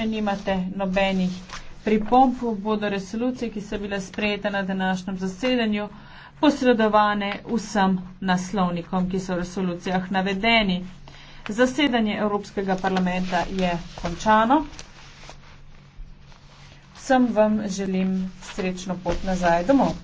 če nimate nobenih pripomp, bodo resolucije, ki so bile sprejete na današnjem zasedanju, posredovane vsem naslovnikom, ki so v resolucijah navedeni. Zasedanje Evropskega parlamenta je končano. Vsem vam želim srečno pot nazaj domov.